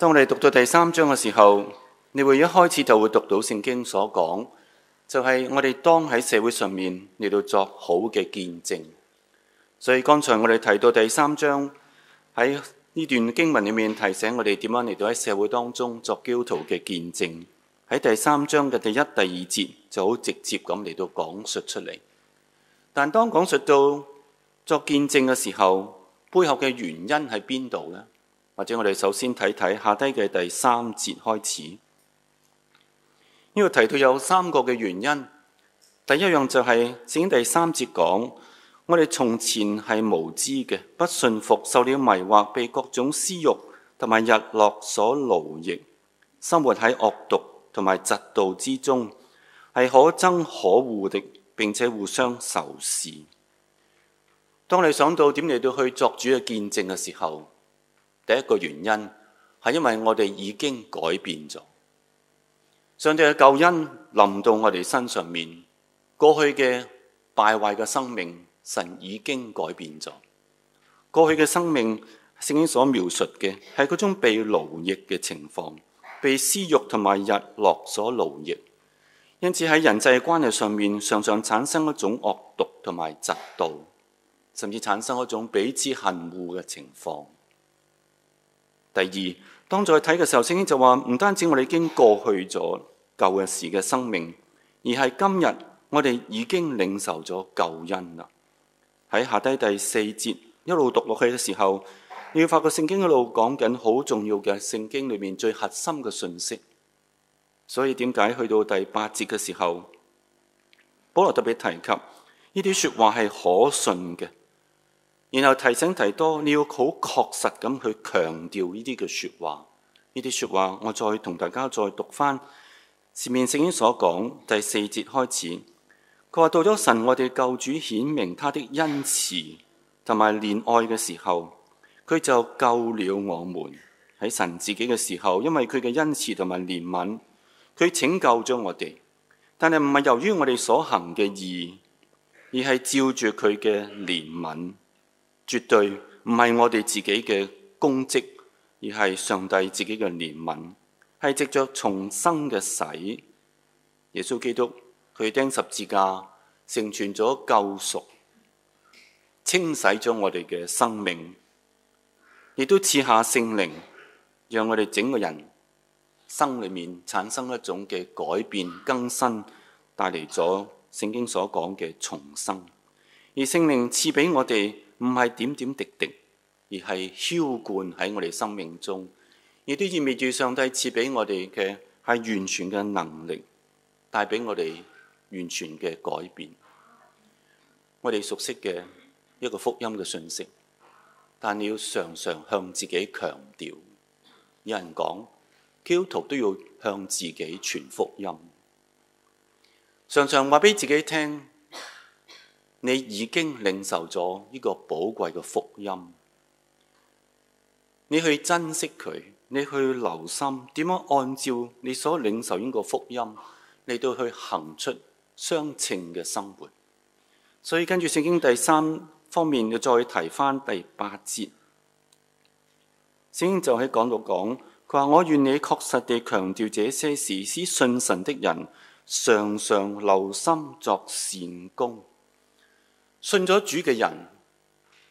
當我哋讀到第三章嘅時候，你會一開始就會讀到聖經所講，就係我哋當喺社會上面嚟到作好嘅見證。所以剛才我哋提到第三章喺呢段經文裏面提醒我哋點樣嚟到喺社會當中作基督徒嘅見證。喺第三章嘅第一、第二節就好直接咁嚟到講述出嚟。但當講述到作見證嘅時候，背後嘅原因喺邊度呢？或者我哋首先睇睇下低嘅第三節開始。呢個提到有三個嘅原因。第一樣就係、是、整第三節講，我哋從前係無知嘅，不順服，受了迷惑，被各種私欲同埋逸樂所奴役，生活喺惡毒同埋嫉妒之中，係可憎可惡的，並且互相仇視。當你想到點嚟到去作主嘅見證嘅時候，第一個原因係因為我哋已經改變咗，上帝嘅救恩臨到我哋身上面，過去嘅敗壞嘅生命，神已經改變咗。過去嘅生命，聖經所描述嘅係嗰種被奴役嘅情況，被私欲同埋日落所奴役，因此喺人際關係上面，常常產生一種惡毒同埋嫉妒，甚至產生一種彼此恨惡嘅情況。第二，當再睇嘅時候，聖經就話唔單止我哋已經過去咗舊日時嘅生命，而係今日我哋已經領受咗救恩啦。喺下低第四節一路讀落去嘅時候，你要發覺聖經一路講緊好重要嘅聖經裏面最核心嘅信息。所以點解去到第八節嘅時候，保羅特別提及呢啲説話係可信嘅。然後提醒提多，你要好確實咁去強調呢啲嘅説話。呢啲説話，我再同大家再讀翻前面聖經所講第四節開始。佢話到咗神，我哋救主顯明他的恩慈同埋憐愛嘅時候，佢就救了我們喺神自己嘅時候，因為佢嘅恩慈同埋憐憫，佢拯救咗我哋。但係唔係由於我哋所行嘅義，而係照住佢嘅憐憫。絕對唔係我哋自己嘅功績，而係上帝自己嘅憐憫，係藉著重生嘅洗。耶穌基督去釘十字架，成全咗救贖，清洗咗我哋嘅生命，亦都賜下聖靈，讓我哋整個人生裏面產生一種嘅改變更新，帶嚟咗聖經所講嘅重生，而聖靈賜俾我哋。唔係點點滴滴，而係澆灌喺我哋生命中，亦都意味住上帝賜俾我哋嘅係完全嘅能力，帶俾我哋完全嘅改變。我哋熟悉嘅一個福音嘅信息，但你要常常向自己強調。有人講，基督徒都要向自己傳福音，常常話俾自己聽。你已經領受咗呢個寶貴嘅福音，你去珍惜佢，你去留心點樣按照你所領受呢個福音嚟到去行出相稱嘅生活。所以跟住聖經第三方面，你再提翻第八節。聖經就喺講到講佢話：我願你確實地強調這些事，使信神的人常常留心作善功。信咗主嘅人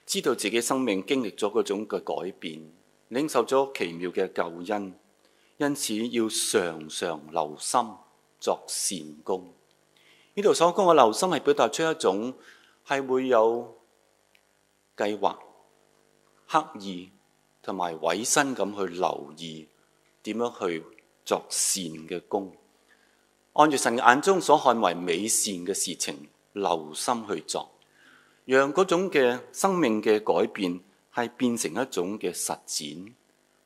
知道自己生命經歷咗嗰種嘅改變，領受咗奇妙嘅救恩，因此要常常留心作善功。呢度所講嘅留心係表達出一種係會有計劃、刻意同埋委身咁去留意點樣去作善嘅功，按住神眼中所看為美善嘅事情，留心去作。讓嗰種嘅生命嘅改變係變成一種嘅實踐，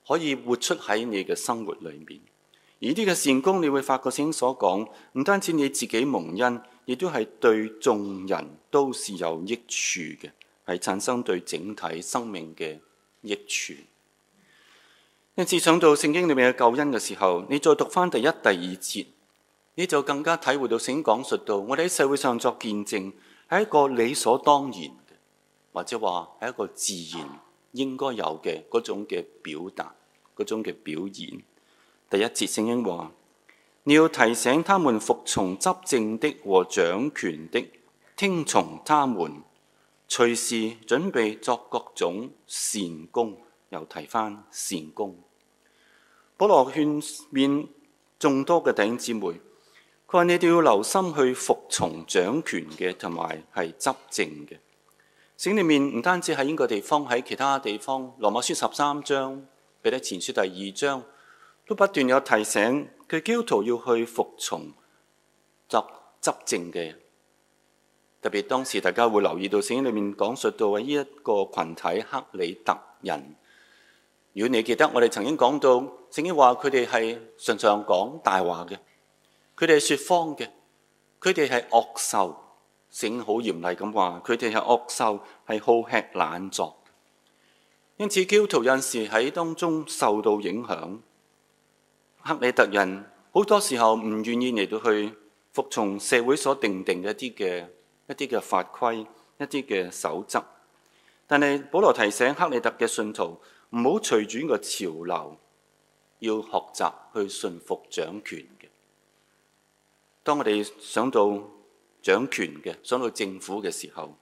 可以活出喺你嘅生活裏面。而呢啲嘅善功，你會發覺聖經所講，唔單止你自己蒙恩，亦都係對眾人都是有益處嘅，係產生對整體生命嘅益處。一至想到聖經裏面嘅救恩嘅時候，你再讀翻第一、第二節，你就更加體會到聖經講述到，我哋喺社會上作見證。係一個理所當然嘅，或者話係一個自然應該有嘅嗰種嘅表達，嗰種嘅表演。第一節聖經話：你要提醒他們服從執政的和掌權的，聽從他們，隨時準備作各種善工。又提翻善工。保羅勸勉眾多嘅弟兄姊妹。佢話：你哋要留心去服從掌權嘅，同埋係執政嘅。聖經裡面唔單止喺呢個地方，喺其他地方，羅馬書十三章，彼得前書第二章，都不斷有提醒基督徒要去服從執執政嘅。特別當時大家會留意到聖經裏面講述到嘅呢一個群體克里特人。如果你記得，我哋曾經講到聖經話佢哋係常常講大話嘅。佢哋係説謊嘅，佢哋係惡獸，整好嚴厲咁話。佢哋係惡獸，係好吃懶作，因此基督徒有時喺當中受到影響。克里特人好多時候唔願意嚟到去服從社會所定定一啲嘅一啲嘅法規，一啲嘅守則，但係保羅提醒克里特嘅信徒唔好隨住個潮流，要學習去順服掌權。當我哋想到掌權嘅，想到政府嘅時候，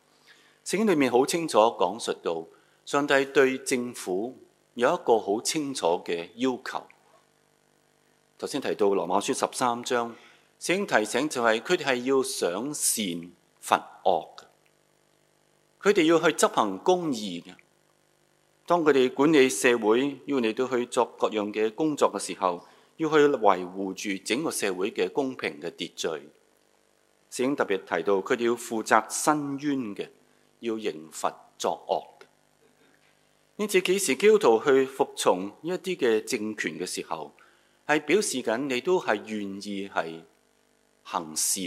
聖經裏面好清楚講述到上帝對政府有一個好清楚嘅要求。頭先提到羅馬書十三章，聖經提醒就係佢哋係要賞善罰惡嘅，佢哋要去執行公義嘅。當佢哋管理社會，要你都去做各樣嘅工作嘅時候。要去維護住整個社會嘅公平嘅秩序。聖經特別提到佢哋要負責申冤嘅，要刑罰作惡。因此幾時基督徒去服從一啲嘅政權嘅時候，係表示緊你都係願意係行善，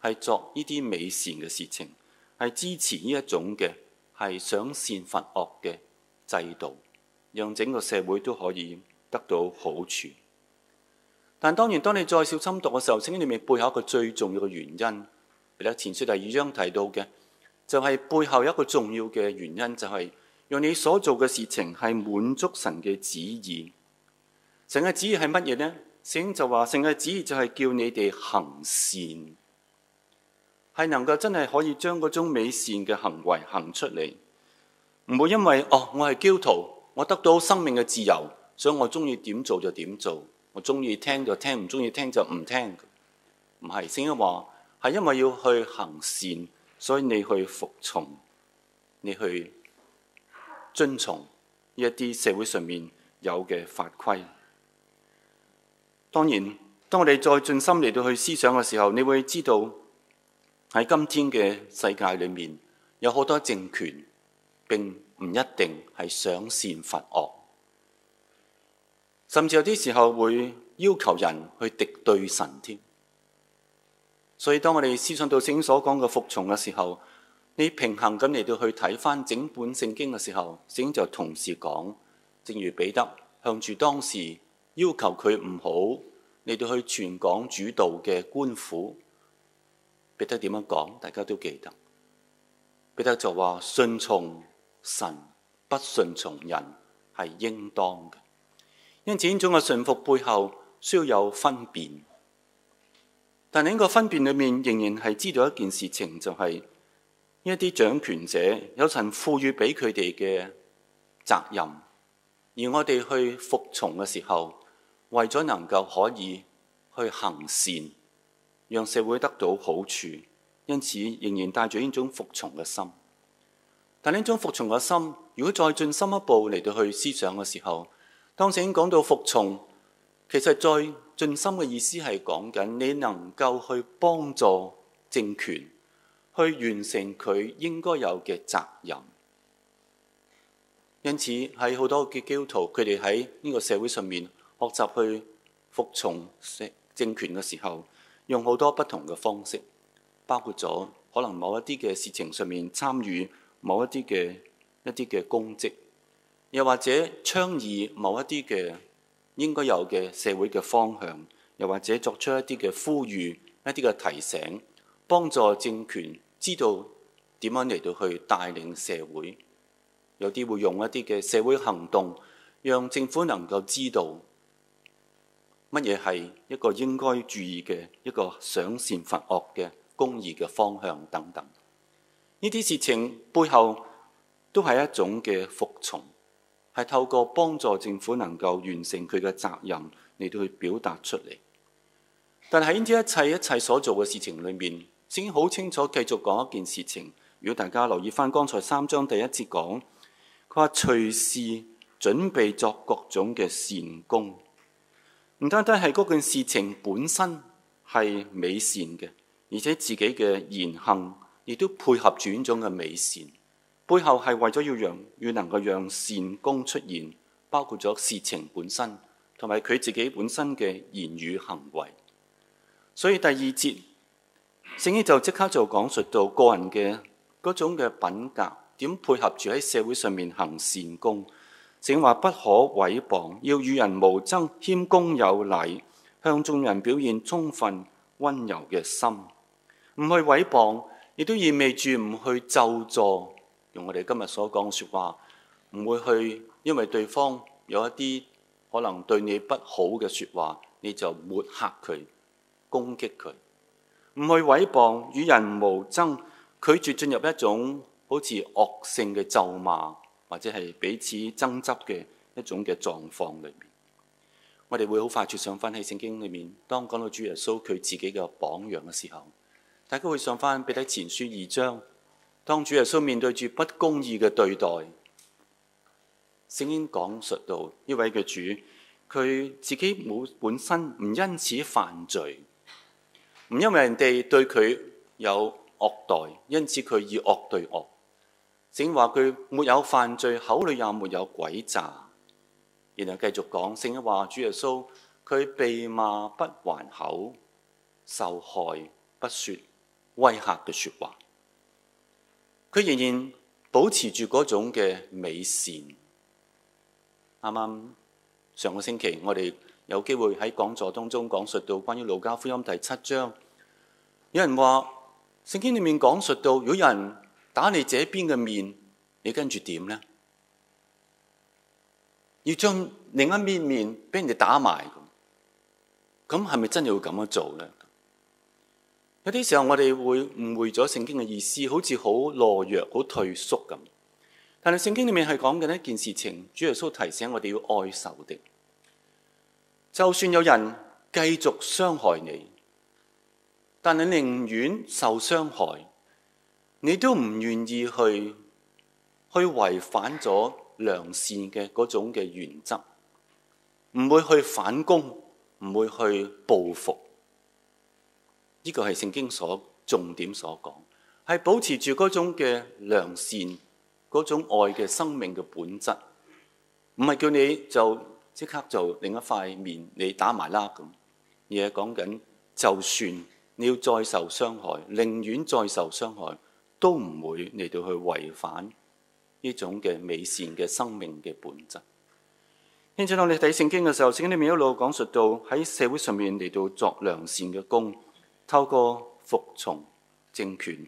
係作呢啲美善嘅事情，係支持呢一種嘅係想善罰惡嘅制度，讓整個社會都可以得到好處。但當然，當你再小心讀嘅時候，聖經裏面背後，一個最重要嘅原因，嚟啦，前書第二章提到嘅，就係、是、背後一個重要嘅原因、就是，就係用你所做嘅事情係滿足神嘅旨意。神嘅旨意係乜嘢呢？聖經就話，神嘅旨意就係叫你哋行善，係能夠真係可以將嗰種美善嘅行為行出嚟，唔會因為哦，我係基督徒，我得到生命嘅自由，所以我中意點做就點做。我中意聽就聽，唔中意聽就唔聽。唔係，聖經話係因為要去行善，所以你去服從，你去遵從呢一啲社會上面有嘅法規。當然，當我哋再進心嚟到去思想嘅時候，你會知道喺今天嘅世界裏面有好多政權並唔一定係賞善罰惡。甚至有啲時候會要求人去敵對神添，所以當我哋思想到聖經所講嘅服從嘅時候，你平衡咁嚟到去睇返整本聖經嘅時候，聖經就同時講，正如彼得向住當時要求佢唔好嚟到去全港主導嘅官府，彼得點樣講，大家都記得。彼得就話順從神，不順從人係應當嘅。因此呢種嘅信服背後需要有分辨，但呢喺個分辨裏面，仍然係知道一件事情，就係呢一啲掌權者有神賦予俾佢哋嘅責任，而我哋去服從嘅時候，為咗能夠可以去行善，讓社會得到好處，因此仍然帶住呢種服從嘅心。但呢種服從嘅心，如果再進深一步嚟到去思想嘅時候，當時已經講到服從，其實最盡心嘅意思係講緊你能夠去幫助政權，去完成佢應該有嘅責任。因此喺好多嘅基督徒，佢哋喺呢個社會上面學習去服從政政權嘅時候，用好多不同嘅方式，包括咗可能某一啲嘅事情上面參與某一啲嘅一啲嘅公職。又或者倡議某一啲嘅應該有嘅社會嘅方向，又或者作出一啲嘅呼籲、一啲嘅提醒，幫助政權知道點樣嚟到去帶領社會。有啲會用一啲嘅社會行動，讓政府能夠知道乜嘢係一個應該注意嘅一個賞善罰惡嘅公義嘅方向等等。呢啲事情背後都係一種嘅服從。係透過幫助政府能夠完成佢嘅責任嚟到去表達出嚟。但喺呢一切一切所做嘅事情裏面，先好清楚繼續講一件事情。如果大家留意返剛才三章第一節講，佢話隨時準備作各種嘅善功，唔單單係嗰件事情本身係美善嘅，而且自己嘅言行亦都配合住種嘅美善。背後係為咗要讓要能夠讓善功出現，包括咗事情本身同埋佢自己本身嘅言語行為。所以第二節聖經就即刻就講述到個人嘅嗰種嘅品格點配合住喺社會上面行善功。聖話不可毀謗，要與人無爭，謙恭有禮，向眾人表現充分溫柔嘅心，唔去毀謗，亦都意味住唔去咒詛。用我哋今日所講嘅説話，唔會去因為對方有一啲可能對你不好嘅説話，你就抹黑佢、攻擊佢，唔去毀謗、與人無爭，拒絕進入一種好似惡性嘅咒罵或者係彼此爭執嘅一種嘅狀況裏面。我哋會好快接上翻喺聖經裏面，當講到主耶穌佢自己嘅榜樣嘅時候，大家會上翻彼得前書二章。當主耶穌面對住不公義嘅對待，聖經講述到呢位嘅主，佢自己冇本身唔因此犯罪，唔因為人哋對佢有惡待，因此佢以惡對惡。聖經話佢沒有犯罪，口裏也沒有詭詐。然後繼續講，聖經話主耶穌佢被罵不還口，受害不說，威吓嘅說話。佢仍然保持住嗰種嘅美善。啱啱上個星期，我哋有機會喺講座當中講述到關於《路加福音》第七章，有人話聖經裡面講述到，如果有人打你這邊嘅面，你跟住點咧？要將另一面面俾人哋打埋咁，咁係咪真要咁樣做咧？有啲時候我哋會誤會咗聖經嘅意思，好似好懦弱、好退縮咁。但係聖經裏面係講緊一件事情，主耶穌提醒我哋要愛仇敵。就算有人繼續傷害你，但你寧願受傷害，你都唔願意去去違反咗良善嘅嗰種嘅原則，唔會去反攻，唔會去報復。呢個係聖經所重點所講，係保持住嗰種嘅良善，嗰種愛嘅生命嘅本質，唔係叫你就即刻就另一塊面，你打埋啦。咁，而係講緊就算你要再受傷害，寧願再受傷害，都唔會嚟到去違反呢種嘅美善嘅生命嘅本質。因此，當你睇聖經嘅時候，聖經裡面一路講述到喺社會上面嚟到作良善嘅工。透過服從政權，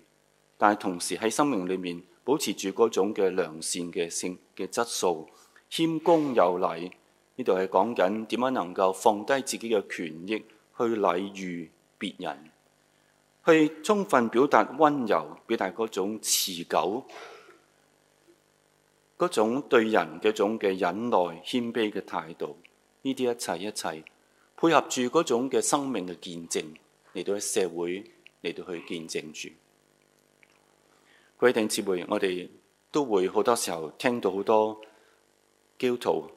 但係同時喺生命裏面保持住嗰種嘅良善嘅性嘅質素，謙恭有禮。呢度係講緊點樣能夠放低自己嘅權益去禮遇別人，去充分表達溫柔，表達嗰種持久嗰種對人嘅嘅忍耐、謙卑嘅態度。呢啲一切一切配合住嗰種嘅生命嘅見證。嚟到喺社會嚟到去見證住，各位弟兄姊妹，我哋都會好多時候聽到好多基督徒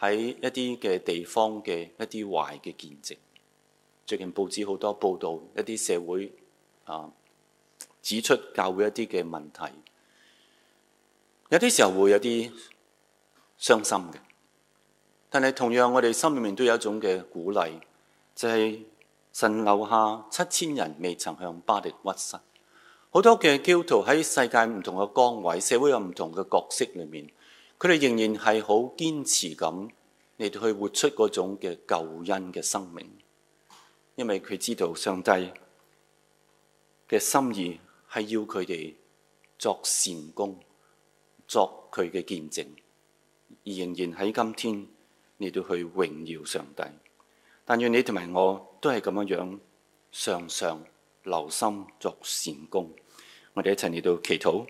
喺一啲嘅地方嘅一啲壞嘅見證。最近報紙好多報道一啲社會啊，指出教會一啲嘅問題，有啲時候會有啲傷心嘅，但係同樣我哋心裡面都有一種嘅鼓勵，就係、是。神留下七千人未曾向巴力屈膝，好多嘅基督徒喺世界唔同嘅崗位、社會有唔同嘅角色裏面，佢哋仍然係好堅持咁嚟到去活出嗰種嘅救恩嘅生命，因為佢知道上帝嘅心意係要佢哋作善工、作佢嘅見證，而仍然喺今天嚟到去榮耀上帝。但願你同埋我都係咁樣常常留心作善功。我哋一齊嚟到祈禱。